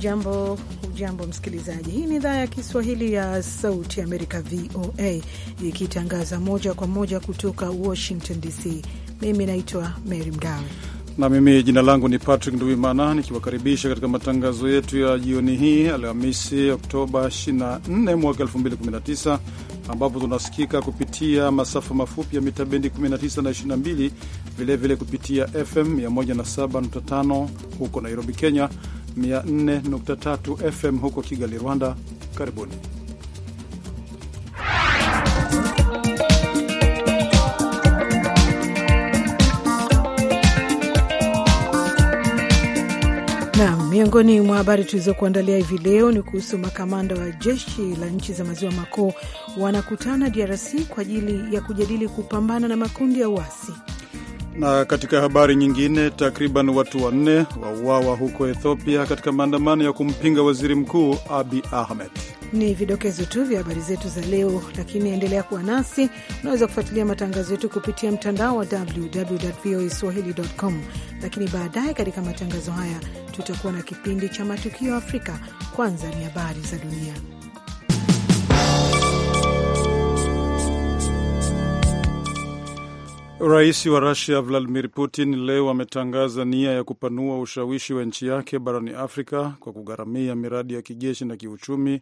Hujambo, ujambo msikilizaji. Hii ni idhaa ya Kiswahili ya Sauti ya Amerika, VOA, ikitangaza moja kwa moja kutoka Washington DC. Mimi naitwa Mary Mgawe na mimi jina langu ni Patrick Nduimana, nikiwakaribisha katika matangazo yetu ya jioni hii Alhamisi, Oktoba 24 mwaka 2019 ambapo tunasikika kupitia masafa mafupi ya mita bendi 19 na 22, vilevile kupitia FM 107.5 huko Nairobi, Kenya 104.3 FM huko Kigali, Rwanda. Karibuni. Naam, miongoni mwa habari tulizokuandalia hivi leo ni kuhusu makamanda wa jeshi la nchi za maziwa makuu wanakutana DRC kwa ajili ya kujadili kupambana na makundi ya uasi. Na katika habari nyingine, takriban watu wanne wauawa huko Ethiopia katika maandamano ya kumpinga waziri mkuu Abi Ahmed. Ni vidokezo tu vya habari zetu za leo, lakini endelea kuwa nasi. Unaweza kufuatilia matangazo yetu kupitia mtandao wa www.voaswahili.com. Lakini baadaye katika matangazo haya tutakuwa na kipindi cha matukio Afrika. Kwanza ni habari za dunia. Rais wa Rusia Vladimir Putin leo ametangaza nia ya kupanua ushawishi wa nchi yake barani Afrika kwa kugharamia miradi ya kijeshi na kiuchumi,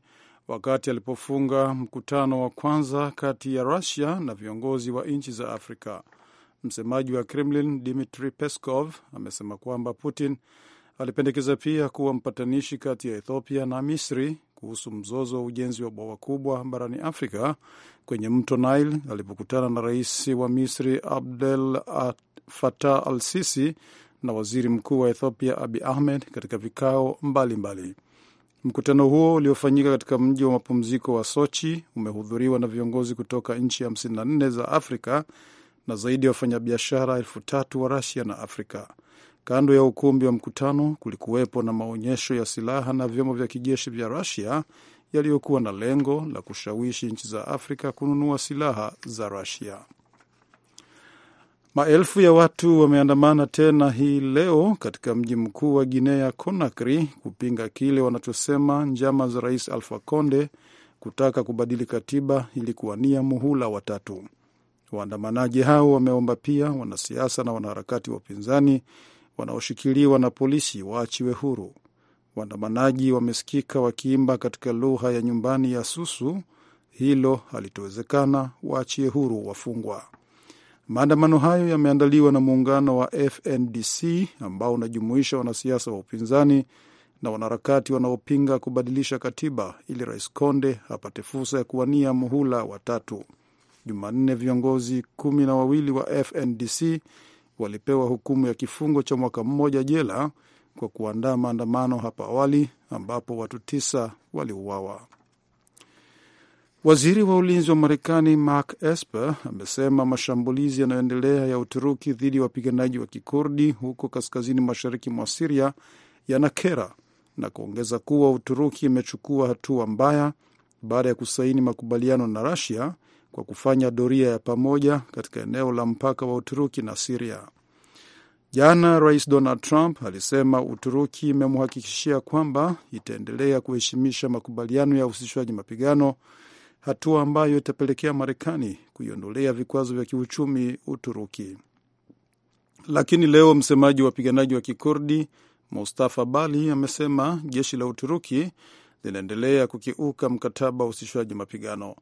wakati alipofunga mkutano wa kwanza kati ya Rusia na viongozi wa nchi za Afrika. Msemaji wa Kremlin Dmitri Peskov amesema kwamba Putin alipendekeza pia kuwa mpatanishi kati ya Ethiopia na Misri kuhusu mzozo wa ujenzi wa bwawa kubwa barani Afrika kwenye mto Nile alipokutana na rais wa Misri Abdel Fattah al Sisi na waziri mkuu wa Ethiopia Abi Ahmed katika vikao mbalimbali mbali. Mkutano huo uliofanyika katika mji wa mapumziko wa Sochi umehudhuriwa na viongozi kutoka nchi 54 za Afrika na zaidi ya wafanyabiashara elfu tatu wa Rasia na Afrika. Kando ya ukumbi wa mkutano kulikuwepo na maonyesho ya silaha na vyombo vya kijeshi vya Rusia yaliyokuwa na lengo la kushawishi nchi za Afrika kununua silaha za Rusia. Maelfu ya watu wameandamana tena hii leo katika mji mkuu wa Guinea Conakry kupinga kile wanachosema njama za Rais Alpha Conde kutaka kubadili katiba ili kuwania muhula watatu. Waandamanaji hao wameomba pia wanasiasa na wanaharakati wa upinzani wanaoshikiliwa na polisi waachiwe huru. Waandamanaji wamesikika wakiimba katika lugha ya nyumbani ya Susu, hilo halitowezekana, waachie huru wafungwa. Maandamano hayo yameandaliwa na muungano wa FNDC ambao unajumuisha wanasiasa wa upinzani na wanaharakati wanaopinga kubadilisha katiba ili Rais Konde apate fursa ya kuwania muhula watatu. Jumanne, viongozi kumi na wawili wa FNDC walipewa hukumu ya kifungo cha mwaka mmoja jela kwa kuandaa maandamano hapo awali ambapo watu tisa waliuawa. Waziri wa ulinzi wa Marekani Mark Esper amesema mashambulizi yanayoendelea ya Uturuki dhidi ya wapiganaji wa kikurdi huko kaskazini mashariki mwa Siria yanakera na kuongeza kuwa Uturuki imechukua hatua mbaya baada ya kusaini makubaliano na Rasia kwa kufanya doria ya pamoja katika eneo la mpaka wa Uturuki na Siria. Jana Rais Donald Trump alisema Uturuki imemhakikishia kwamba itaendelea kuheshimisha makubaliano ya uhusishwaji mapigano, hatua ambayo itapelekea Marekani kuiondolea vikwazo vya kiuchumi Uturuki. Lakini leo msemaji wa wapiganaji wa kikurdi Mustafa Bali amesema jeshi la Uturuki linaendelea kukiuka mkataba wa uhusishwaji mapigano.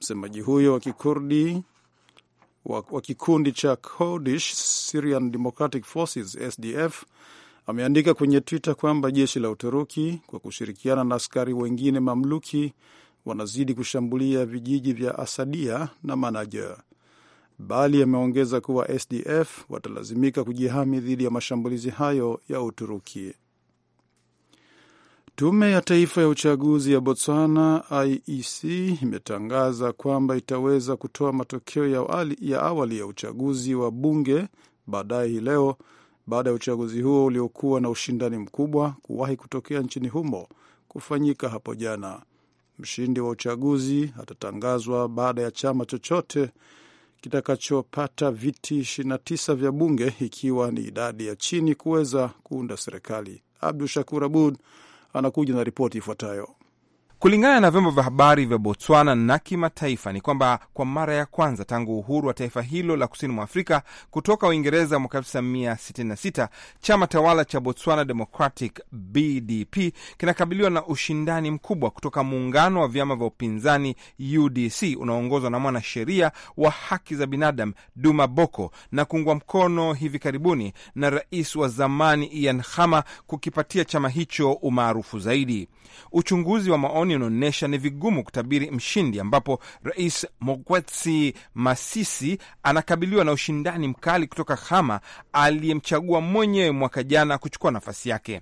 Msemaji huyo wa Kikurdi wa kikundi cha Kurdish Syrian Democratic Forces SDF ameandika kwenye Twitter kwamba jeshi la Uturuki kwa kushirikiana na askari wengine mamluki wanazidi kushambulia vijiji vya Asadia na Manaja, bali ameongeza kuwa SDF watalazimika kujihami dhidi ya mashambulizi hayo ya Uturuki. Tume ya Taifa ya Uchaguzi ya Botswana, IEC, imetangaza kwamba itaweza kutoa matokeo ya awali ya, awali ya uchaguzi wa bunge baadaye hii leo baada ya uchaguzi huo uliokuwa na ushindani mkubwa kuwahi kutokea nchini humo kufanyika hapo jana. Mshindi wa uchaguzi atatangazwa baada ya chama chochote kitakachopata viti 29 vya bunge, ikiwa ni idadi ya chini kuweza kuunda serikali. Abdu Shakur Abud anakuja na ripoti ifuatayo. Kulingana na vyombo vya habari vya Botswana na kimataifa ni kwamba kwa mara ya kwanza tangu uhuru wa taifa hilo la kusini mwa Afrika kutoka Uingereza mwaka 1966 chama tawala cha Botswana Democratic BDP kinakabiliwa na ushindani mkubwa kutoka muungano wa vyama vya upinzani UDC unaoongozwa na mwanasheria wa haki za binadamu Duma Boko na kuungwa mkono hivi karibuni na rais wa zamani Ian Khama kukipatia chama hicho umaarufu zaidi. Uchunguzi wa maoni maoni unaonyesha ni vigumu kutabiri mshindi, ambapo Rais Mokgweetsi Masisi anakabiliwa na ushindani mkali kutoka Khama aliyemchagua mwenyewe mwaka jana kuchukua nafasi yake.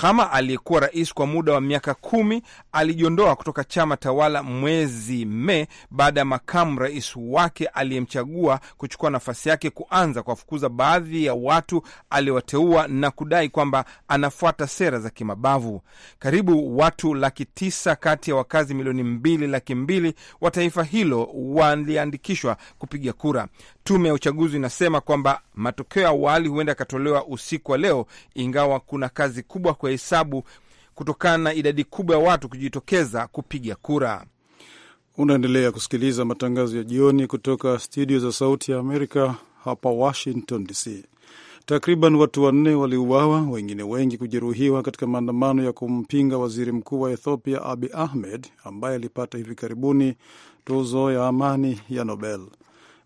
Khama aliyekuwa rais kwa muda wa miaka kumi alijiondoa kutoka chama tawala mwezi Mei baada ya makamu rais wake aliyemchagua kuchukua nafasi yake kuanza kuwafukuza baadhi ya watu aliowateua na kudai kwamba anafuata sera za kimabavu. Karibu watu laki tisa kati ya wakazi milioni mbili laki mbili wa taifa hilo waliandikishwa kupiga kura. Tume ya uchaguzi inasema kwamba matokeo ya awali huenda yakatolewa usiku wa leo, ingawa kuna kazi kubwa kuhesabu kutokana na idadi kubwa ya watu kujitokeza kupiga kura. Unaendelea kusikiliza matangazo ya jioni kutoka studio za Sauti ya Amerika hapa Washington DC. Takriban watu wanne waliuawa, wengine wengi kujeruhiwa katika maandamano ya kumpinga waziri mkuu wa Ethiopia Abi Ahmed ambaye alipata hivi karibuni tuzo ya amani ya Nobel.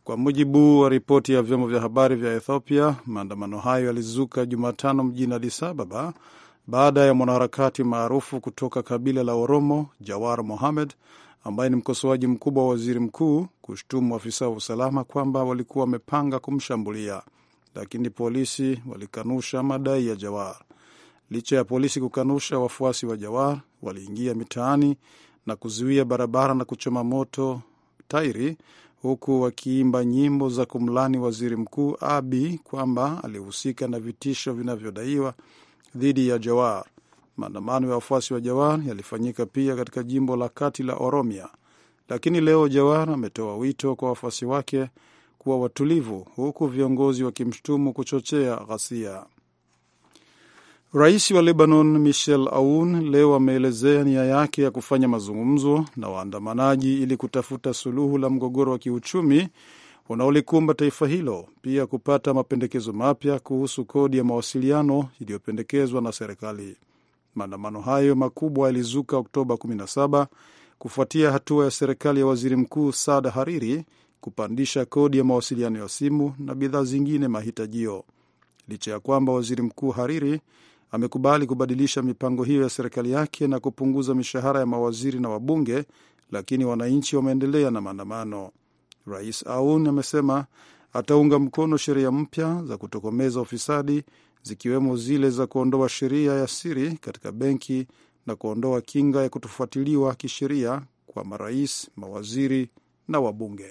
Kwa mujibu wa ripoti ya vyombo vya habari vya Ethiopia, maandamano hayo yalizuka Jumatano mjini Adis Ababa baada ya mwanaharakati maarufu kutoka kabila la Oromo Jawar Mohamed ambaye ni mkosoaji mkubwa wa waziri mkuu kushtumu afisa wa usalama kwamba walikuwa wamepanga kumshambulia, lakini polisi walikanusha madai ya Jawar. Licha ya polisi kukanusha, wafuasi wa Jawar waliingia mitaani na kuzuia barabara na kuchoma moto tairi, huku wakiimba nyimbo za kumlani waziri mkuu Abi kwamba alihusika na vitisho vinavyodaiwa dhidi ya Jawar. Maandamano ya wafuasi wa Jawar yalifanyika pia katika jimbo la kati la Oromia, lakini leo Jawar ametoa wito kwa wafuasi wake kuwa watulivu, huku viongozi wakimshutumu kuchochea ghasia. Rais wa Lebanon Michel Aoun leo ameelezea nia yake ya kufanya mazungumzo na waandamanaji ili kutafuta suluhu la mgogoro wa kiuchumi unaolikumba taifa hilo, pia kupata mapendekezo mapya kuhusu kodi ya mawasiliano iliyopendekezwa na serikali. Maandamano hayo makubwa yalizuka Oktoba 17 kufuatia hatua ya serikali ya waziri mkuu Saad Hariri kupandisha kodi ya mawasiliano ya simu na bidhaa zingine mahitajio. Licha ya kwamba waziri mkuu Hariri amekubali kubadilisha mipango hiyo ya serikali yake na kupunguza mishahara ya mawaziri na wabunge, lakini wananchi wameendelea na maandamano. Rais Aoun amesema ataunga mkono sheria mpya za kutokomeza ufisadi zikiwemo zile za kuondoa sheria ya siri katika benki na kuondoa kinga ya kutofuatiliwa kisheria kwa marais, mawaziri na wabunge.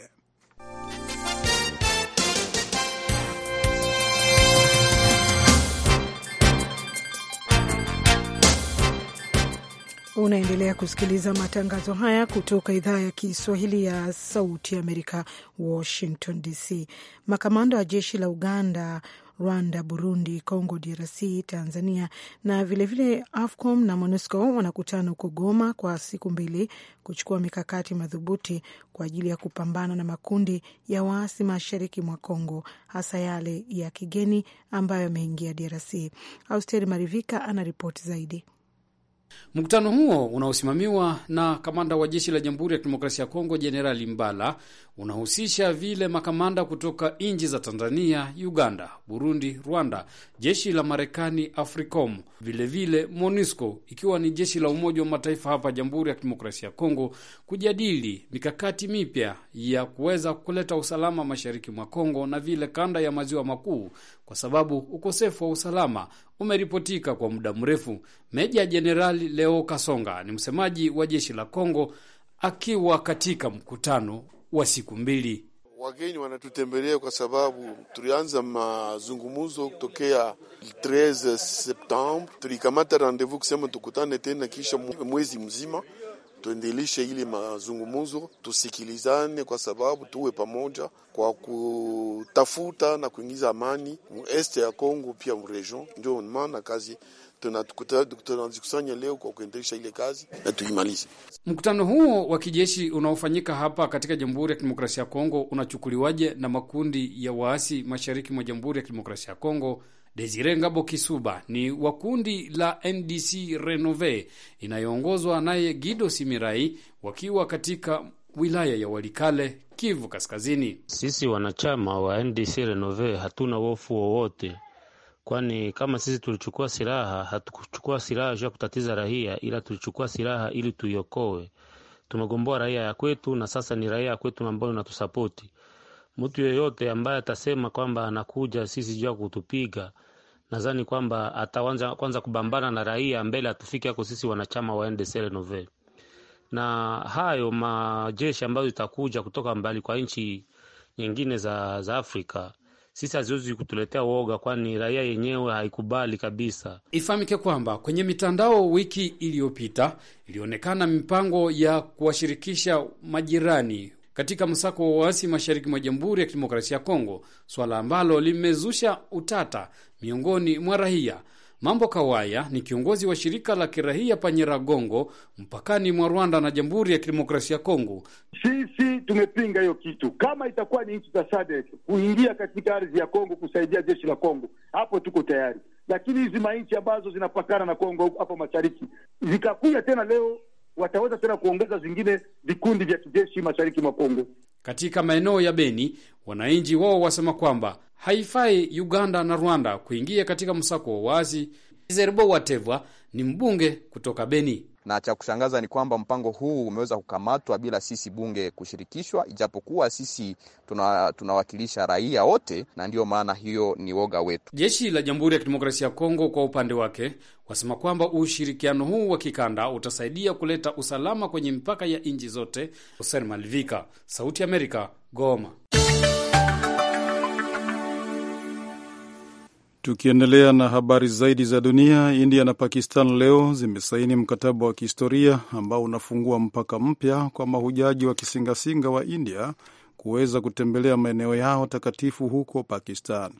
Unaendelea kusikiliza matangazo haya kutoka idhaa ya Kiswahili ya Sauti ya Amerika, Washington DC. Makamanda wa jeshi la Uganda, Rwanda, Burundi, Congo DRC, Tanzania na vilevile vile AFCOM na MONUSCO wanakutana huko Goma kwa siku mbili kuchukua mikakati madhubuti kwa ajili ya kupambana na makundi ya waasi mashariki mwa Congo, hasa yale ya kigeni ambayo yameingia DRC. Austeri Marivika ana ripoti zaidi. Mkutano huo unaosimamiwa na kamanda wa jeshi la Jamhuri ya Kidemokrasia ya Kongo Jenerali Mbala unahusisha vile makamanda kutoka nchi za Tanzania, Uganda, Burundi, Rwanda, jeshi la Marekani AFRICOM, vilevile MONUSCO ikiwa ni jeshi la Umoja wa Mataifa hapa Jamhuri ya Kidemokrasia ya Kongo kujadili mikakati mipya ya kuweza kuleta usalama mashariki mwa Kongo na vile kanda ya maziwa makuu kwa sababu ukosefu wa usalama umeripotika kwa muda mrefu. Meja Jenerali Leo Kasonga ni msemaji wa jeshi la Kongo akiwa katika mkutano wa siku mbili. Wageni wanatutembelea kwa sababu tulianza mazungumzo tokea 13 Septembre, tulikamata rendezvous kusema tukutane tena kisha mwezi mzima tuendeleshe ili mazungumzo, tusikilizane kwa sababu tuwe pamoja kwa kutafuta na kuingiza amani mueste ya Kongo pia mregion. Ndio maana kazi tunazikusanya leo kwa kuendelesha ile kazi na tuimalize. Mkutano huo wa kijeshi unaofanyika hapa katika Jamhuri ya Kidemokrasia ya Kongo unachukuliwaje na makundi ya waasi mashariki mwa Jamhuri ya Kidemokrasia ya Kongo Desire Ngabo Kisuba ni wa kundi la NDC Renove inayoongozwa naye Gido Simirai wakiwa katika wilaya ya Walikale, Kivu Kaskazini. Sisi wanachama wa NDC Renove hatuna wofu wowote, kwani kama sisi tulichukua silaha, hatukuchukua silaha juu ya kutatiza raia, ila tulichukua silaha ili tuiokoe. Tumegomboa raia ya kwetu, na sasa ni raia ya kwetu ambayo inatusapoti. Mtu yeyote ambaye atasema kwamba anakuja sisi juu ya kutupiga nadhani kwamba ataanza kwanza kubambana na raia mbele atufike hako sisi wanachama wa NDC Renove, na hayo majeshi ambayo itakuja kutoka mbali kwa nchi nyingine za, za Afrika sisi haziwezi kutuletea woga, kwani raia yenyewe haikubali kabisa. Ifahamike kwamba kwenye mitandao wiki iliyopita ilionekana mipango ya kuwashirikisha majirani katika msako wa waasi mashariki mwa Jamhuri ya Kidemokrasia ya Kongo, swala ambalo limezusha utata miongoni mwa raia. Mambo Kawaya ni kiongozi wa shirika la kirahia Panyeragongo mpakani mwa Rwanda na Jamhuri ya Kidemokrasia ya Kongo. Sisi tumepinga hiyo kitu. Kama itakuwa ni nchi za SADC kuingia katika ardhi ya Kongo kusaidia jeshi la Kongo, hapo tuko tayari, lakini hizi manchi ambazo zinapakana na Kongo hapo mashariki zikakuja tena leo wataweza tena kuongeza zingine vikundi vya kijeshi mashariki mwa Kongo. Katika maeneo ya Beni, wananchi wao wasema kwamba haifai Uganda na Rwanda kuingia katika msako wa wazi. Zerbo Watevwa ni mbunge kutoka Beni na cha kushangaza ni kwamba mpango huu umeweza kukamatwa bila sisi bunge kushirikishwa, ijapokuwa sisi tunawakilisha tuna raia wote, na ndiyo maana hiyo ni woga wetu. Jeshi la Jamhuri ya Kidemokrasia ya Kongo kwa upande wake wasema kwamba ushirikiano huu wa kikanda utasaidia kuleta usalama kwenye mipaka ya nchi zote. Hussein malivika Sauti ya Amerika, Goma. Tukiendelea na habari zaidi za dunia, India na Pakistan leo zimesaini mkataba wa kihistoria ambao unafungua mpaka mpya kwa mahujaji wa kisingasinga wa India kuweza kutembelea maeneo yao takatifu huko Pakistan.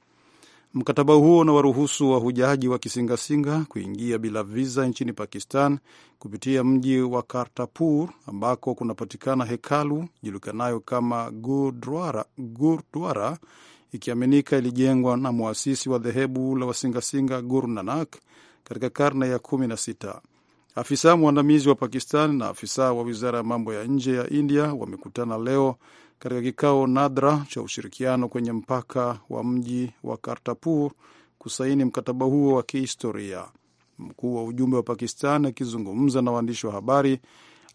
Mkataba huo unawaruhusu wahujaji wa kisingasinga kuingia bila viza nchini Pakistan kupitia mji wa kartapur ambako kunapatikana hekalu julikanayo kama Gurdwara ikiaminika ilijengwa na mwasisi wa dhehebu la wasingasinga Guru Nanak katika karne ya kumi na sita. Afisa mwandamizi wa Pakistan na afisa wa wizara ya mambo ya nje ya India wamekutana leo katika kikao nadra cha ushirikiano kwenye mpaka wa mji wa Kartapur kusaini mkataba huo wa kihistoria. Mkuu wa ujumbe wa Pakistan akizungumza na waandishi wa habari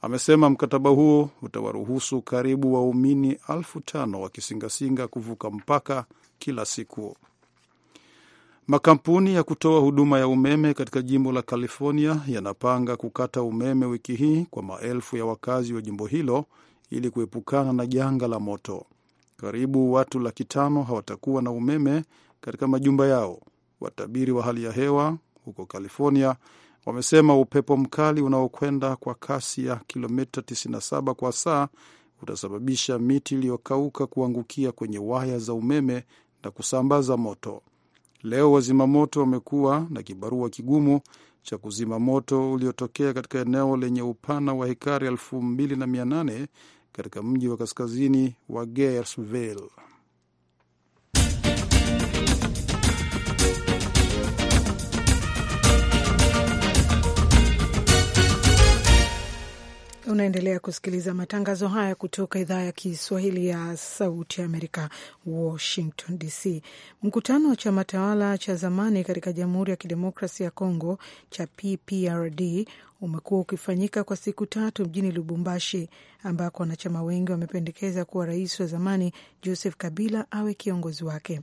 Amesema mkataba huo utawaruhusu karibu waumini elfu tano kisingasinga kuvuka mpaka kila siku. Makampuni ya kutoa huduma ya umeme katika jimbo la California yanapanga kukata umeme wiki hii kwa maelfu ya wakazi wa jimbo hilo ili kuepukana na janga la moto. Karibu watu laki tano hawatakuwa na umeme katika majumba yao. Watabiri wa hali ya hewa huko California wamesema upepo mkali unaokwenda kwa kasi ya kilomita 97 kwa saa utasababisha miti iliyokauka kuangukia kwenye waya za umeme na kusambaza moto. Leo wazima moto wamekuwa na kibarua kigumu cha kuzima moto uliotokea katika eneo lenye upana wa hekari 2800 katika mji wa kaskazini wa Gersville. Unaendelea kusikiliza matangazo haya kutoka idhaa ya Kiswahili ya Sauti ya Amerika, Washington DC. Mkutano wa chama tawala cha zamani katika Jamhuri ya kidemokrasi ya Kongo cha PPRD umekuwa ukifanyika kwa siku tatu mjini Lubumbashi, ambako wanachama wengi wamependekeza kuwa rais wa zamani Joseph Kabila awe kiongozi wake.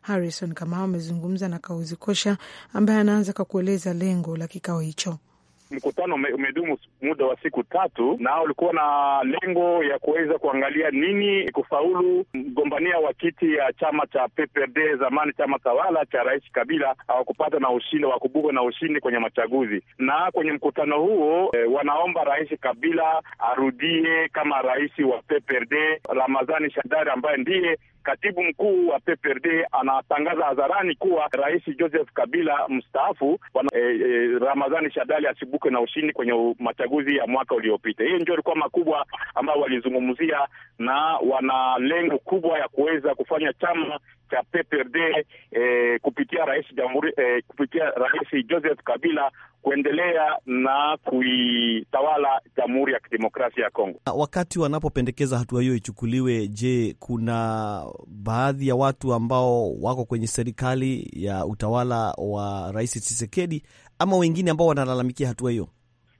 Harrison Kamau amezungumza na Kauzi Kosha ambaye anaanza kwa kueleza lengo la kikao hicho mkutano umedumu muda wa siku tatu na ulikuwa na lengo ya kuweza kuangalia nini kufaulu mgombania wa kiti ya chama cha PPRD zamani chama tawala cha Rais Kabila hawakupata na ushindi hawakubuka na ushindi kwenye machaguzi. Na kwenye mkutano huo e, wanaomba Rais Kabila arudie kama rais wa PPRD. Ramazani Shadari ambaye ndiye katibu mkuu wa PPRD anatangaza hadharani kuwa Rais Joseph Kabila mstaafu. E, e, eh, eh, Ramazani Shadari asibu waibuke na ushindi kwenye machaguzi ya mwaka uliopita. Hiyo ndio ilikuwa makubwa ambayo walizungumzia, na wana lengo kubwa ya kuweza kufanya chama cha PPRD eh, kupitia rais jamhuri eh, kupitia rais Joseph Kabila kuendelea na kuitawala Jamhuri ya Kidemokrasia ya Kongo. Ah, wakati wanapopendekeza hatua hiyo ichukuliwe, je, kuna baadhi ya watu ambao wako kwenye serikali ya utawala wa Rais Tshisekedi ama wengine ambao wanalalamikia hatua hiyo?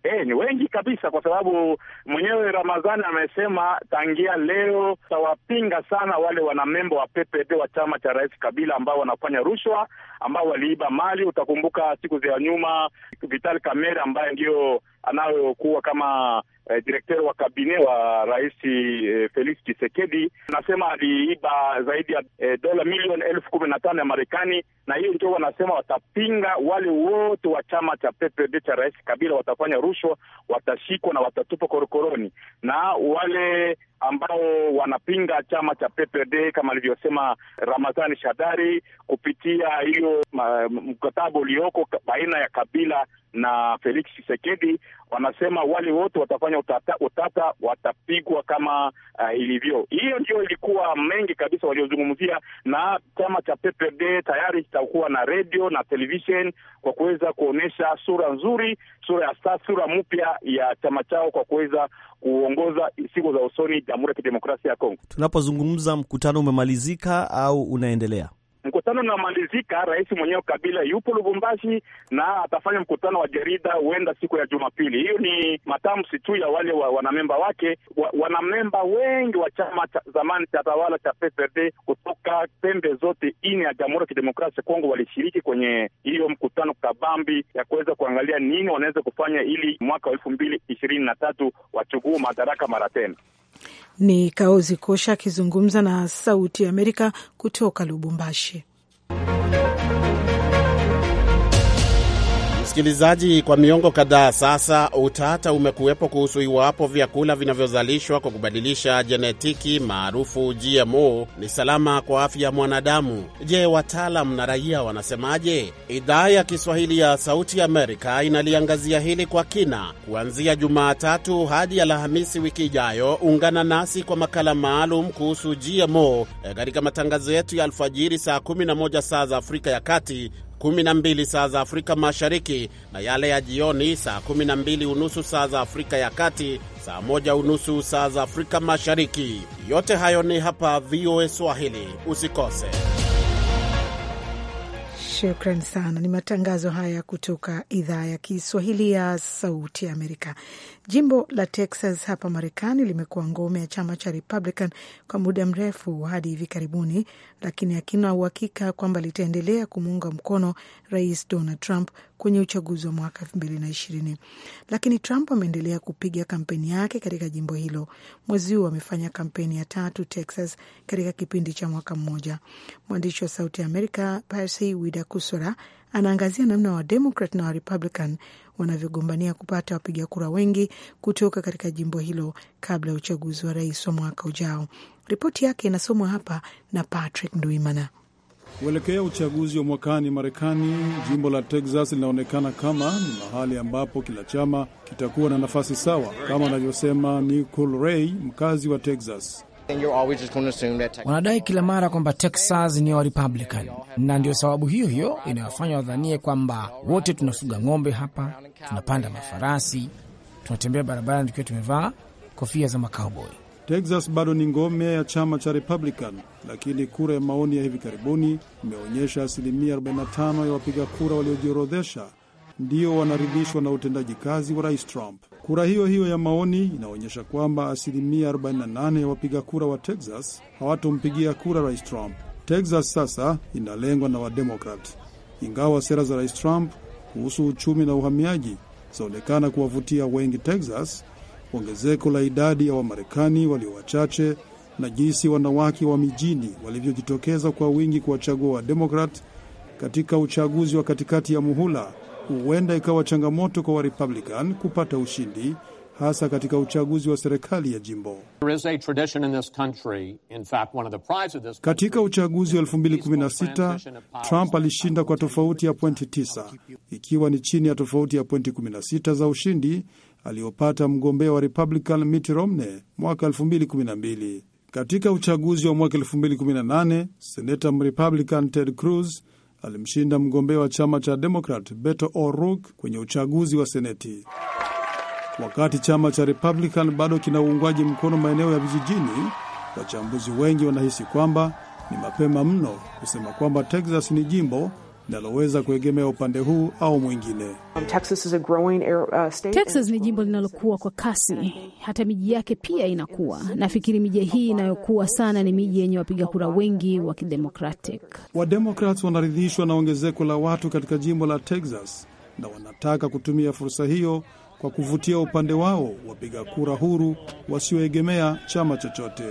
Hey, eh, ni wengi kabisa, kwa sababu mwenyewe Ramadhani amesema tangia leo tawapinga sana wale wanamembo wa PPD wa chama cha Rais Kabila ambao wanafanya rushwa, ambao waliiba mali. Utakumbuka siku za nyuma Vital Kamerhe ambaye ndio anayokuwa kama eh, direkter wa kabine wa rais eh, Felix Chisekedi anasema aliiba zaidi ya eh, dola milioni elfu kumi na tano ya Marekani, na hiyo ndio wanasema watapinga. Wale wote wa chama cha PPRD cha rais Kabila watafanya rushwa, watashikwa na watatupa korokoroni, na wale ambao wanapinga chama cha PPRD kama alivyosema Ramadhani Shadari kupitia hiyo mkataba ulioko baina ya Kabila na Felix chisekedi wanasema wale wote watafanya utata, utata watapigwa kama uh, ilivyo. Hiyo ndio ilikuwa mengi kabisa waliozungumzia, na chama cha PPRD tayari kitakuwa na radio na television kwa kuweza kuonyesha sura nzuri, sura ya sasa, sura mpya ya chama chao kwa kuweza kuongoza siku za usoni Jamhuri ya Kidemokrasia ya Kongo. Tunapozungumza, mkutano umemalizika au unaendelea? Mkutano unamalizika, rais mwenyewe Kabila yupo Lubumbashi na atafanya mkutano wa jarida huenda siku ya Jumapili. Hiyo ni matamshi tu ya wale wa, wanamemba wake wa, wanamemba wengi wa chama cha zamani cha tawala cha PPRD kutoka pembe zote ini ya Jamhuri ya Kidemokrasia Kongo walishiriki kwenye hiyo mkutano kabambi ya kuweza kuangalia nini wanaweza kufanya ili mwaka wa elfu mbili ishirini na tatu wachukue madaraka mara tena. Ni Kaozi Kosha akizungumza na Sauti ya Amerika kutoka Lubumbashi. Msikilizaji, kwa miongo kadhaa sasa utata umekuwepo kuhusu iwapo vyakula vinavyozalishwa kwa kubadilisha jenetiki maarufu GMO ni salama kwa afya ya mwanadamu. Je, wataalam na raia wanasemaje? Idhaa ya Kiswahili ya Sauti Amerika inaliangazia hili kwa kina kuanzia Jumatatu hadi Alhamisi wiki ijayo. Ungana nasi kwa makala maalum kuhusu GMO eh, katika matangazo yetu ya alfajiri saa 11 saa za Afrika ya Kati 12 saa za Afrika Mashariki na yale ya jioni saa 12 unusu saa za Afrika ya Kati, saa 1 unusu saa za Afrika Mashariki. Yote hayo ni hapa VOA Swahili, usikose. Shukran sana. Ni matangazo haya kutoka idhaa ya Kiswahili ya Sauti ya Amerika. Jimbo la Texas hapa Marekani limekuwa ngome ya chama cha Republican kwa muda mrefu hadi hivi karibuni, lakini hakina uhakika kwamba litaendelea kumuunga mkono Rais Donald Trump kwenye uchaguzi wa mwaka elfu mbili na ishirini. Lakini Trump ameendelea kupiga kampeni yake katika jimbo hilo. Mwezi huu amefanya kampeni ya tatu Texas katika kipindi cha mwaka mmoja. Mwandishi wa Sauti ya Amerika Parsi Widakusora anaangazia namna Wademokrat na Warepublican wanavyogombania kupata wapiga kura wengi kutoka katika jimbo hilo kabla ya uchaguzi wa rais wa mwaka ujao. Ripoti yake inasomwa hapa na Patrick Nduimana. Kuelekea uchaguzi wa mwakani Marekani, jimbo la Texas linaonekana kama ni mahali ambapo kila chama kitakuwa na nafasi sawa, kama anavyosema Nicole Ray, mkazi wa Texas. Wanadai kila mara kwamba Texas ni ya Republican, na ndio sababu hiyo hiyo inayofanya wadhanie kwamba wote tunafuga ng'ombe hapa, tunapanda mafarasi, tunatembea barabarani tukiwa tumevaa kofia za makowboy. Texas bado ni ngome ya chama cha Republican, lakini kura ya maoni ya hivi karibuni imeonyesha asilimia 45 ya wapiga kura waliojiorodhesha ndio wanaridhishwa na utendaji kazi wa Rais Trump. Kura hiyo hiyo ya maoni inaonyesha kwamba asilimia 48 ya wapiga kura wa Texas hawatompigia kura rais Trump. Texas sasa inalengwa na Wademokrat, ingawa sera za rais Trump kuhusu uchumi na uhamiaji zaonekana kuwavutia wengi Texas. Ongezeko la idadi ya Wamarekani walio wachache na jinsi wanawake wa mijini walivyojitokeza kwa wingi kuwachagua Wademokrat katika uchaguzi wa katikati ya muhula huenda ikawa changamoto kwa Warepublican kupata ushindi hasa katika uchaguzi wa serikali ya jimbo. Katika uchaguzi wa 2016 Trump alishinda kwa tofauti ya pointi 9 ikiwa ni chini ya tofauti ya pointi 16 za ushindi aliyopata mgombea wa Republican Mitt Romney mwaka 2012. Katika uchaguzi wa mwaka 2018 senata Mrepublican Ted Cruz alimshinda mgombea wa chama cha Demokrat Beto O'Rourke kwenye uchaguzi wa Seneti. Wakati chama cha Republican bado kina uungwaji mkono maeneo ya vijijini, wachambuzi wengi wanahisi kwamba ni mapema mno kusema kwamba Texas ni jimbo linaloweza kuegemea upande huu au mwingine. Um, Texas uh, ni jimbo linalokuwa kwa kasi, hata miji yake pia inakuwa. Nafikiri miji hii inayokuwa sana ni miji yenye wapiga kura wengi wa kidemokratic. Wademokrat wanaridhishwa na ongezeko la watu katika jimbo la Texas na wanataka kutumia fursa hiyo kwa kuvutia upande wao wapiga kura huru wasioegemea chama chochote.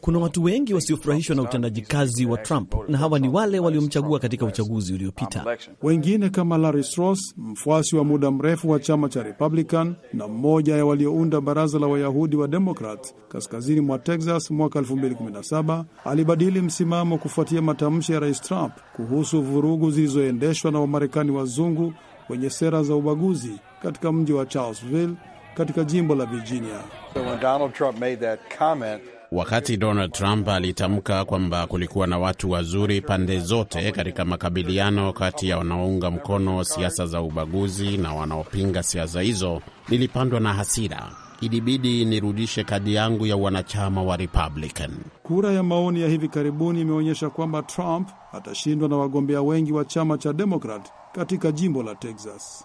Kuna watu wengi wasiofurahishwa na utendaji kazi wa Trump, na hawa ni wale waliomchagua katika uchaguzi uliopita. Wengine kama Larry ross mfuasi wa muda mrefu wa chama cha Republican na mmoja ya waliounda baraza la Wayahudi wa Demokrat kaskazini mwa Texas mwaka 2017 alibadili msimamo kufuatia matamshi ya Rais Trump kuhusu vurugu zilizoendeshwa na Wamarekani wazungu wenye sera za ubaguzi katika mji wa Charlottesville katika jimbo la Virginia. Wakati Donald Trump alitamka kwamba kulikuwa na watu wazuri pande zote katika makabiliano kati ya wanaounga mkono siasa za ubaguzi na wanaopinga siasa hizo, nilipandwa na hasira. Ilibidi nirudishe kadi yangu ya wanachama wa Republican. Kura ya maoni ya hivi karibuni imeonyesha kwamba Trump atashindwa na wagombea wengi wa chama cha Demokrat katika jimbo la Texas.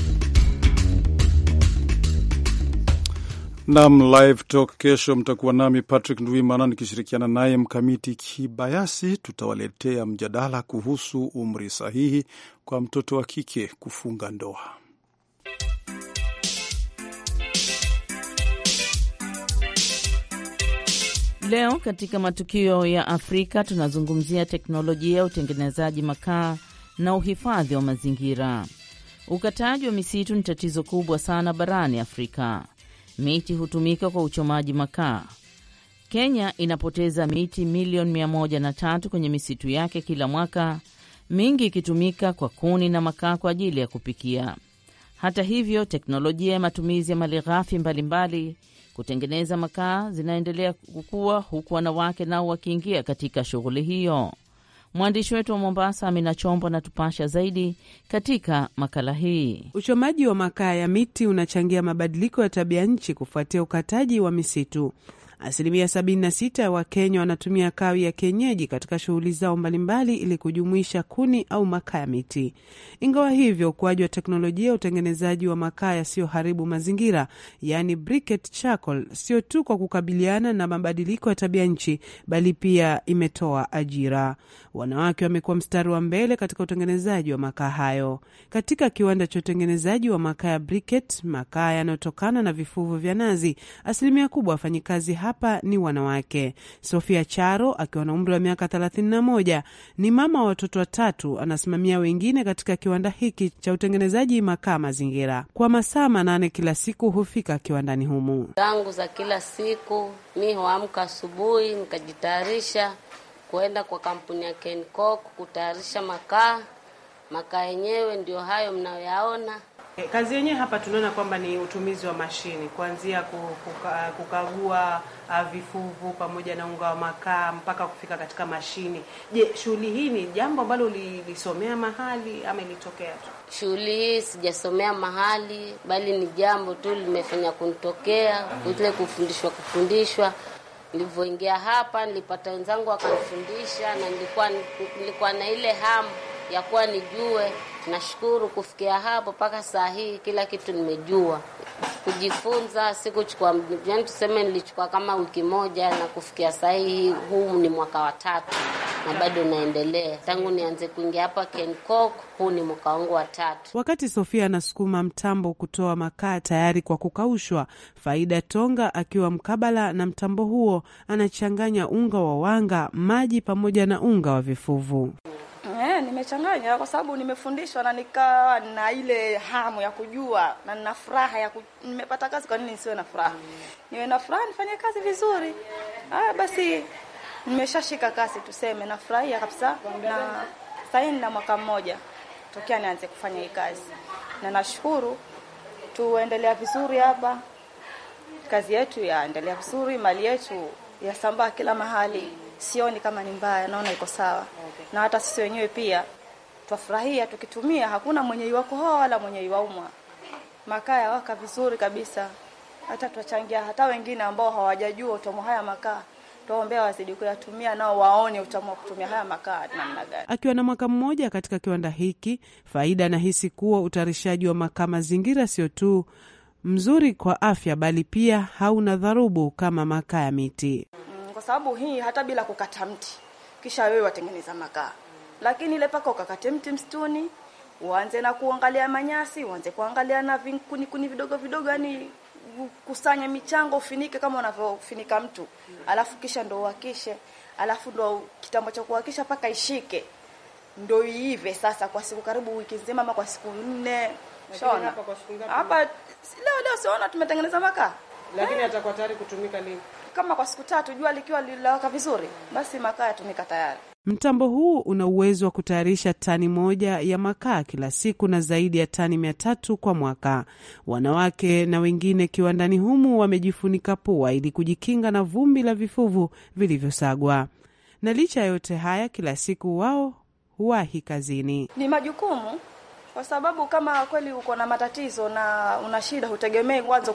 Nam live talk kesho, mtakuwa nami Patrick Ndwimana nikishirikiana naye Mkamiti Kibayasi. Tutawaletea mjadala kuhusu umri sahihi kwa mtoto wa kike kufunga ndoa. Leo katika matukio ya Afrika tunazungumzia teknolojia ya utengenezaji makaa na uhifadhi wa mazingira. Ukataji wa misitu ni tatizo kubwa sana barani Afrika. Miti hutumika kwa uchomaji makaa. Kenya inapoteza miti milioni 103 kwenye misitu yake kila mwaka, mingi ikitumika kwa kuni na makaa kwa ajili ya kupikia. Hata hivyo, teknolojia ya matumizi ya malighafi mbalimbali kutengeneza makaa zinaendelea kukua, huku wanawake nao wakiingia katika shughuli hiyo. Mwandishi wetu wa Mombasa, Amina Chombo, anatupasha zaidi katika makala hii. Uchomaji wa makaa ya miti unachangia mabadiliko ya tabia nchi kufuatia ukataji wa misitu. Asilimia 76 ya Wakenya wanatumia kawi ya kienyeji katika shughuli zao mbalimbali ili kujumuisha kuni au makaa ya miti. Ingawa hivyo, ukuaji wa teknolojia ya utengenezaji wa makaa yasiyoharibu mazingira, yani briquette charcoal, sio tu kwa kukabiliana na mabadiliko ya tabia nchi, bali pia imetoa ajira. Wanawake wamekuwa mstari wa mbele katika utengenezaji wa makaa hayo. Katika kiwanda cha utengenezaji wa makaa ya briquette, makaa yanayotokana na vifuvu vya nazi, asilimia kubwa wafanyikazi hapa ni wanawake. Sofia Charo akiwa na umri wa miaka 31 ni mama wa watoto watatu, anasimamia wengine katika kiwanda hiki cha utengenezaji makaa mazingira. Kwa masaa manane kila siku hufika kiwandani humu. zangu za kila siku mi huamka asubuhi nikajitayarisha kuenda kwa kampuni ya kencok kutayarisha makaa. Makaa yenyewe ndio hayo mnayoyaona Eh, kazi yenyewe hapa tunaona kwamba ni utumizi wa mashini kuanzia kuka, kukagua ah, vifuvu pamoja na unga wa makaa mpaka kufika katika mashini. Je, shughuli hii ni jambo ambalo ulisomea mahali ama ilitokea tu? Shughuli hii sijasomea mahali, bali ni jambo tu limefanya kunitokea, kule kufundishwa kufundishwa Nilivyoingia hapa nilipata wenzangu wakanifundisha, na nilikuwa nilikuwa na ile hamu ya kuwa nijue Nashukuru kufikia hapo mpaka saa hii, kila kitu nimejua kujifunza. Sikuchukua yani, tuseme nilichukua kama wiki moja, na kufikia saa hii huu ni mwaka wa tatu na bado naendelea tangu nianze kuingia hapa Kencock. Huu ni mwaka wangu wa tatu. Wakati Sofia anasukuma mtambo kutoa makaa tayari kwa kukaushwa, Faida Tonga akiwa mkabala na mtambo huo anachanganya unga wa wanga, maji pamoja na unga wa vifuvu nimechanganya kwa sababu nimefundishwa na nikawa na ile hamu ya kujua na nina furaha ya ku... nimepata kazi, kwa nini nisiwe na furaha? Niwe na furaha, nifanye kazi vizuri. Ah, basi nimeshashika kazi, tuseme nafurahia kabisa, na saini na mwaka mmoja tokea nianze kufanya hii kazi, na nashukuru. Tuendelea vizuri hapa, kazi yetu yaendelea vizuri, mali yetu yasambaa kila mahali, sioni kama ni mbaya, naona iko sawa na hata sisi wenyewe pia twafurahia tukitumia. Hakuna mwenye iwakohoa wala mwenye iwaumwa, makaa yawaka vizuri kabisa. Hata twachangia hata wengine ambao hawajajua utamu haya makaa twaombea wazidi kuyatumia nao waone utamu wa kutumia haya makaa namna gani. Akiwa na mwaka mmoja katika kiwanda hiki, Faida anahisi kuwa utayarishaji wa makaa mazingira sio tu mzuri kwa afya, bali pia hauna dharubu kama makaa ya miti, mm, kwa sababu hii hata bila kukata mti kisha wewe watengeneza makaa. Lakini ile paka ukakate mti msituni, uanze na kuangalia manyasi, uanze kuangalia na vinkuni kuni vidogo vidogo, yani kusanya michango ufinike kama unavyofinika mtu. Alafu kisha ndo uhakishe, alafu ndo kitambo cha kuhakisha paka ishike. Ndo iive sasa kwa siku karibu wiki nzima ama kwa siku nne. Hapa leo leo siona tumetengeneza makaa. Lakini eh? atakuwa tayari kutumika lini? kama kwa siku tatu, jua likiwa lilawaka vizuri, basi makaa yatumika tayari. Mtambo huu una uwezo wa kutayarisha tani moja ya makaa kila siku na zaidi ya tani mia tatu kwa mwaka. Wanawake na wengine kiwandani humu wamejifunika pua ili kujikinga na vumbi la vifuvu vilivyosagwa. Na licha ya yote haya, kila siku wao huwahi kazini. Ni majukumu kwa sababu kama kweli uko na matatizo na una shida, hutegemei kwanza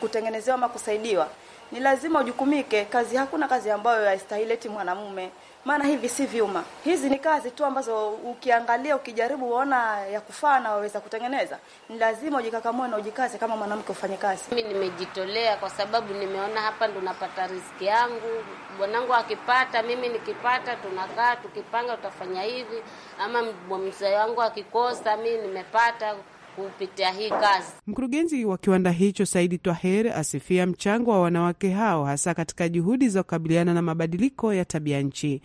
kutengenezewa ama kusaidiwa ni lazima ujukumike. Kazi hakuna kazi ambayo haistahili eti mwanamume, maana hivi si vyuma. Hizi ni kazi tu ambazo ukiangalia, ukijaribu, uona ya kufaa na waweza kutengeneza. Ni lazima ujikakamue na ujikaze kama mwanamke ufanye kazi. Mimi nimejitolea kwa sababu nimeona hapa ndo napata riziki yangu, bwanangu akipata, mimi nikipata, tunakaa tukipanga, utafanya hivi, ama mzee wangu akikosa, mimi nimepata kupitia hii kazi. Mkurugenzi wa kiwanda hicho Saidi Twaher asifia mchango wa wanawake hao hasa katika juhudi za kukabiliana na mabadiliko ya tabia nchi.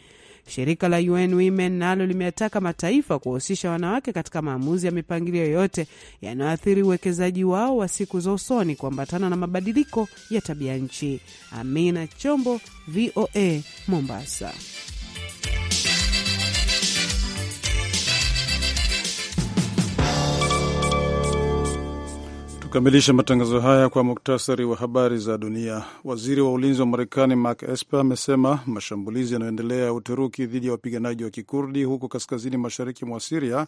Shirika la UN Women nalo limeataka mataifa kuwahusisha wanawake katika maamuzi ya mipangilio yoyote yanayoathiri uwekezaji wao wa siku za usoni kuambatana na mabadiliko ya tabia nchi. Amina Chombo, VOA, Mombasa. Kukamilisha matangazo haya kwa muktasari wa habari za dunia. Waziri wa ulinzi wa Marekani Mark Esper amesema mashambulizi yanayoendelea ya Uturuki dhidi ya wapiganaji wa Kikurdi huko kaskazini mashariki mwa Siria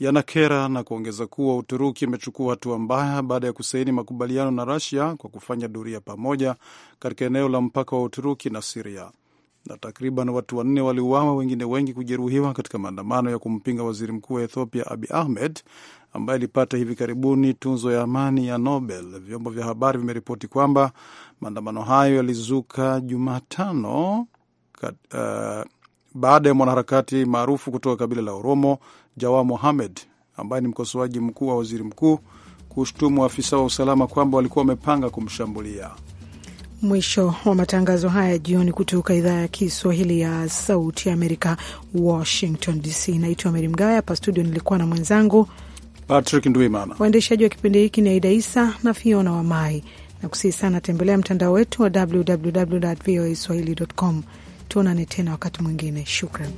yanakera na kuongeza kuwa Uturuki imechukua hatua mbaya baada ya kusaini makubaliano na rasia kwa kufanya duria pamoja katika eneo la mpaka wa Uturuki na Siria na takriban watu wanne waliuawa, wengine wengi kujeruhiwa katika maandamano ya kumpinga waziri mkuu wa Ethiopia Abi Ahmed ambaye alipata hivi karibuni tunzo ya amani ya Nobel. Vyombo vya habari vimeripoti kwamba maandamano hayo yalizuka Jumatano kat, uh, baada ya mwanaharakati maarufu kutoka kabila la Oromo Jawa Mohamed ambaye ni mkosoaji mkuu wa waziri mkuu kushtumu afisa wa usalama kwamba walikuwa wamepanga kumshambulia. Mwisho wa matangazo haya jioni kutoka idhaa ya Kiswahili ya Sauti ya Amerika, Washington DC. Naitwa Meri Mgawe, hapa studio nilikuwa na mwenzangu Patrick Ndwimana. Waendeshaji wa kipindi hiki ni Aida Isa na Fiona mai na kusihi sana tembelea mtandao wetu wa www voa swahili com. Tuonane tena wakati mwingine, shukran.